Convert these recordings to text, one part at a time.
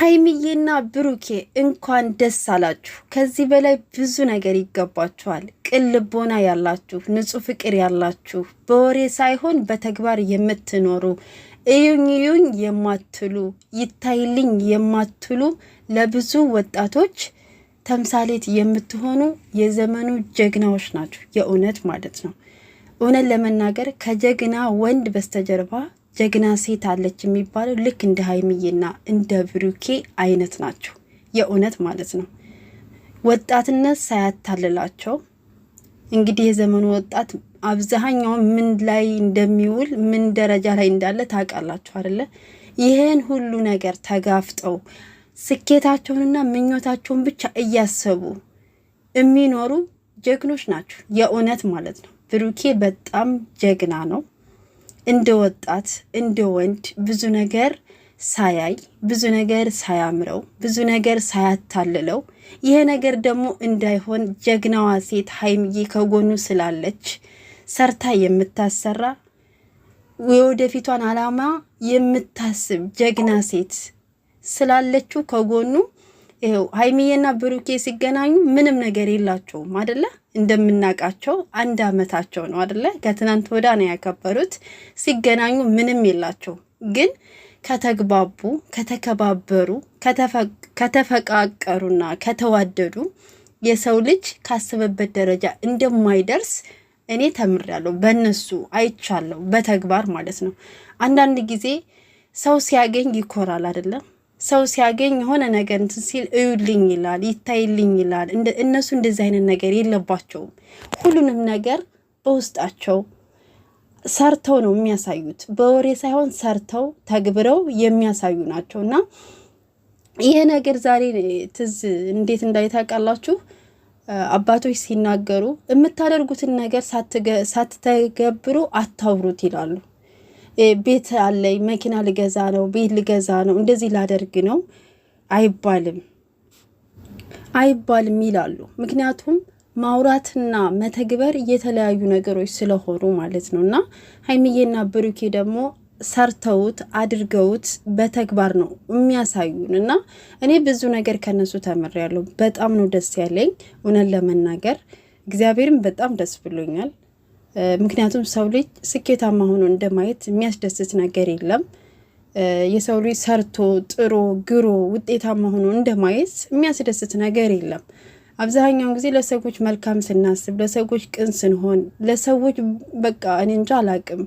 ሀይሚዬና ብሩኬ እንኳን ደስ አላችሁ። ከዚህ በላይ ብዙ ነገር ይገባችኋል። ቅልቦና ያላችሁ፣ ንጹሕ ፍቅር ያላችሁ፣ በወሬ ሳይሆን በተግባር የምትኖሩ እዩኝ እዩኝ የማትሉ ይታይልኝ የማትሉ ለብዙ ወጣቶች ተምሳሌት የምትሆኑ የዘመኑ ጀግናዎች ናችሁ። የእውነት ማለት ነው። እውነት ለመናገር ከጀግና ወንድ በስተጀርባ ጀግና ሴት አለች የሚባለው ልክ እንደ ሀይሚዬና እንደ ብሩኬ አይነት ናቸው። የእውነት ማለት ነው። ወጣትነት ሳያታልላቸው እንግዲህ የዘመኑ ወጣት አብዛኛው ምን ላይ እንደሚውል ምን ደረጃ ላይ እንዳለ ታውቃላችሁ አይደለ? ይህን ሁሉ ነገር ተጋፍጠው ስኬታቸውንና ምኞታቸውን ብቻ እያሰቡ የሚኖሩ ጀግኖች ናቸው። የእውነት ማለት ነው። ብሩኬ በጣም ጀግና ነው። እንደ ወጣት እንደ ወንድ ብዙ ነገር ሳያይ ብዙ ነገር ሳያምረው ብዙ ነገር ሳያታልለው ይሄ ነገር ደግሞ እንዳይሆን ጀግናዋ ሴት ሀይምዬ ከጎኑ ስላለች ሰርታ የምታሰራ የወደፊቷን አላማ የምታስብ ጀግና ሴት ስላለችው ከጎኑ ይኸው ሀይሚዬና ብሩኬ ሲገናኙ ምንም ነገር የላቸውም አደለ? እንደምናውቃቸው አንድ አመታቸው ነው አደለ? ከትናንት ወዳ ነው ያከበሩት። ሲገናኙ ምንም የላቸው ግን ከተግባቡ፣ ከተከባበሩ፣ ከተፈቃቀሩና ከተዋደዱ የሰው ልጅ ካስበበት ደረጃ እንደማይደርስ እኔ ተምሬያለሁ። በእነሱ አይቻለሁ፣ በተግባር ማለት ነው። አንዳንድ ጊዜ ሰው ሲያገኝ ይኮራል አደለም? ሰው ሲያገኝ የሆነ ነገር እንትን ሲል እዩልኝ ይላል፣ ይታይልኝ ይላል። እነሱ እንደዚህ አይነት ነገር የለባቸውም። ሁሉንም ነገር በውስጣቸው ሰርተው ነው የሚያሳዩት። በወሬ ሳይሆን ሰርተው ተግብረው የሚያሳዩ ናቸው እና ይሄ ነገር ዛሬ ትዝ እንዴት እንዳይታቃላችሁ አባቶች ሲናገሩ የምታደርጉትን ነገር ሳትተገብሩ አታውሩት ይላሉ። ቤት አለኝ፣ መኪና ልገዛ ነው፣ ቤት ልገዛ ነው፣ እንደዚህ ላደርግ ነው አይባልም አይባልም ይላሉ። ምክንያቱም ማውራትና መተግበር የተለያዩ ነገሮች ስለሆኑ ማለት ነው። እና ሀይሚዬና ብሩኬ ደግሞ ሰርተውት አድርገውት በተግባር ነው የሚያሳዩን። እና እኔ ብዙ ነገር ከነሱ ተምሬያለሁ። በጣም ነው ደስ ያለኝ እውነት ለመናገር እግዚአብሔርም በጣም ደስ ብሎኛል። ምክንያቱም ሰው ልጅ ስኬታማ ሆኖ እንደማየት የሚያስደስት ነገር የለም። የሰው ልጅ ሰርቶ ጥሮ ግሮ ውጤታማ ሆኖ እንደማየት የሚያስደስት ነገር የለም። አብዛኛውን ጊዜ ለሰዎች መልካም ስናስብ፣ ለሰዎች ቅን ስንሆን፣ ለሰዎች በቃ እኔ እንጃ አላቅም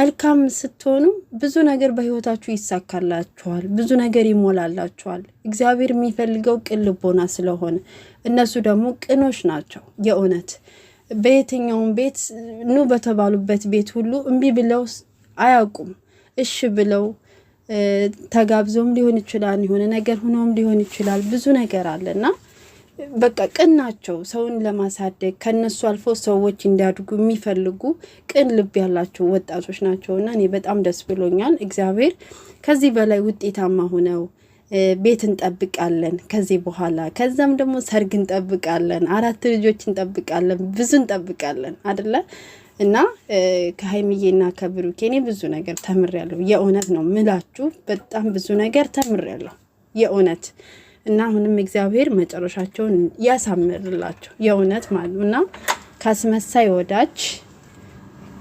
መልካም ስትሆኑ ብዙ ነገር በህይወታችሁ ይሳካላችኋል፣ ብዙ ነገር ይሞላላችኋል። እግዚአብሔር የሚፈልገው ቅን ልቦና ስለሆነ እነሱ ደግሞ ቅኖች ናቸው የእውነት በየትኛውም ቤት ኑ በተባሉበት ቤት ሁሉ እምቢ ብለው አያውቁም። እሺ ብለው ተጋብዞም ሊሆን ይችላል፣ የሆነ ነገር ሆኖም ሊሆን ይችላል። ብዙ ነገር አለና በቃ ቅን ናቸው። ሰውን ለማሳደግ ከነሱ አልፎ ሰዎች እንዲያድጉ የሚፈልጉ ቅን ልብ ያላቸው ወጣቶች ናቸውና እኔ በጣም ደስ ብሎኛል። እግዚአብሔር ከዚህ በላይ ውጤታማ ሆነው ቤት እንጠብቃለን ከዚህ በኋላ ከዛም ደግሞ ሰርግ እንጠብቃለን፣ አራት ልጆች እንጠብቃለን፣ ብዙ እንጠብቃለን አደለ እና ከሀይሚዬና ከብሩኬ እኔ ብዙ ነገር ተምሬያለሁ። የእውነት ነው ምላችሁ በጣም ብዙ ነገር ተምሬያለሁ የእውነት እና አሁንም እግዚአብሔር መጨረሻቸውን ያሳምርላቸው የእውነት ማለት እና ካስመሳይ ወዳጅ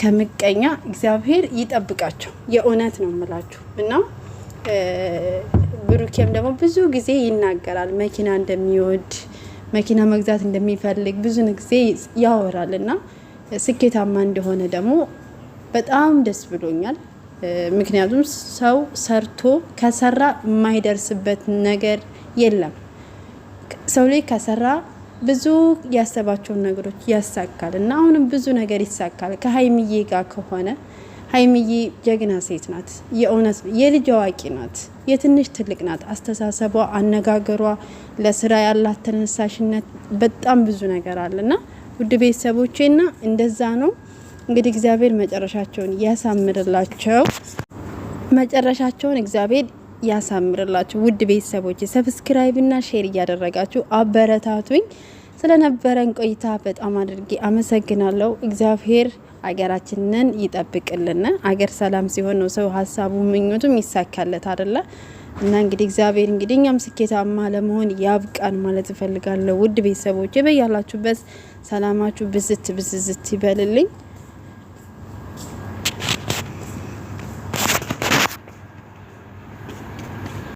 ከምቀኛ እግዚአብሔር ይጠብቃቸው የእውነት ነው ምላችሁ እና ብሩኬም ደግሞ ብዙ ጊዜ ይናገራል መኪና እንደሚወድ መኪና መግዛት እንደሚፈልግ ብዙ ጊዜ ያወራል እና ስኬታማ እንደሆነ ደግሞ በጣም ደስ ብሎኛል። ምክንያቱም ሰው ሰርቶ ከሰራ የማይደርስበት ነገር የለም። ሰው ላይ ከሰራ ብዙ ያሰባቸውን ነገሮች ያሳካል እና አሁንም ብዙ ነገር ይሳካል ከሀይሚዬ ጋር ከሆነ ሀይምዬ ጀግና ሴት ናት። የእውነት የልጅ አዋቂ ናት። የትንሽ ትልቅ ናት። አስተሳሰቧ፣ አነጋገሯ፣ ለስራ ያላት ተነሳሽነት በጣም ብዙ ነገር አለና ውድ ቤተሰቦቼ ና እንደዛ ነው እንግዲህ እግዚአብሔር መጨረሻቸውን ያሳምርላቸው። መጨረሻቸውን እግዚአብሔር ያሳምርላቸው ውድ ቤተሰቦች ሰብስክራይብና ሼር እያደረጋችሁ አበረታቱኝ። ስለነበረን ቆይታ በጣም አድርጌ አመሰግናለሁ። እግዚአብሔር አገራችንን ይጠብቅልን። አገር ሰላም ሲሆን ነው ሰው ሀሳቡ ምኞቱም ይሳካለት አደለ እና እንግዲህ እግዚአብሔር እንግዲህ እኛም ስኬታማ ለመሆን ያብቃን ማለት እፈልጋለሁ። ውድ ቤተሰቦች በያላችሁበት ሰላማችሁ ብዝት ብዝዝት ይበልልኝ።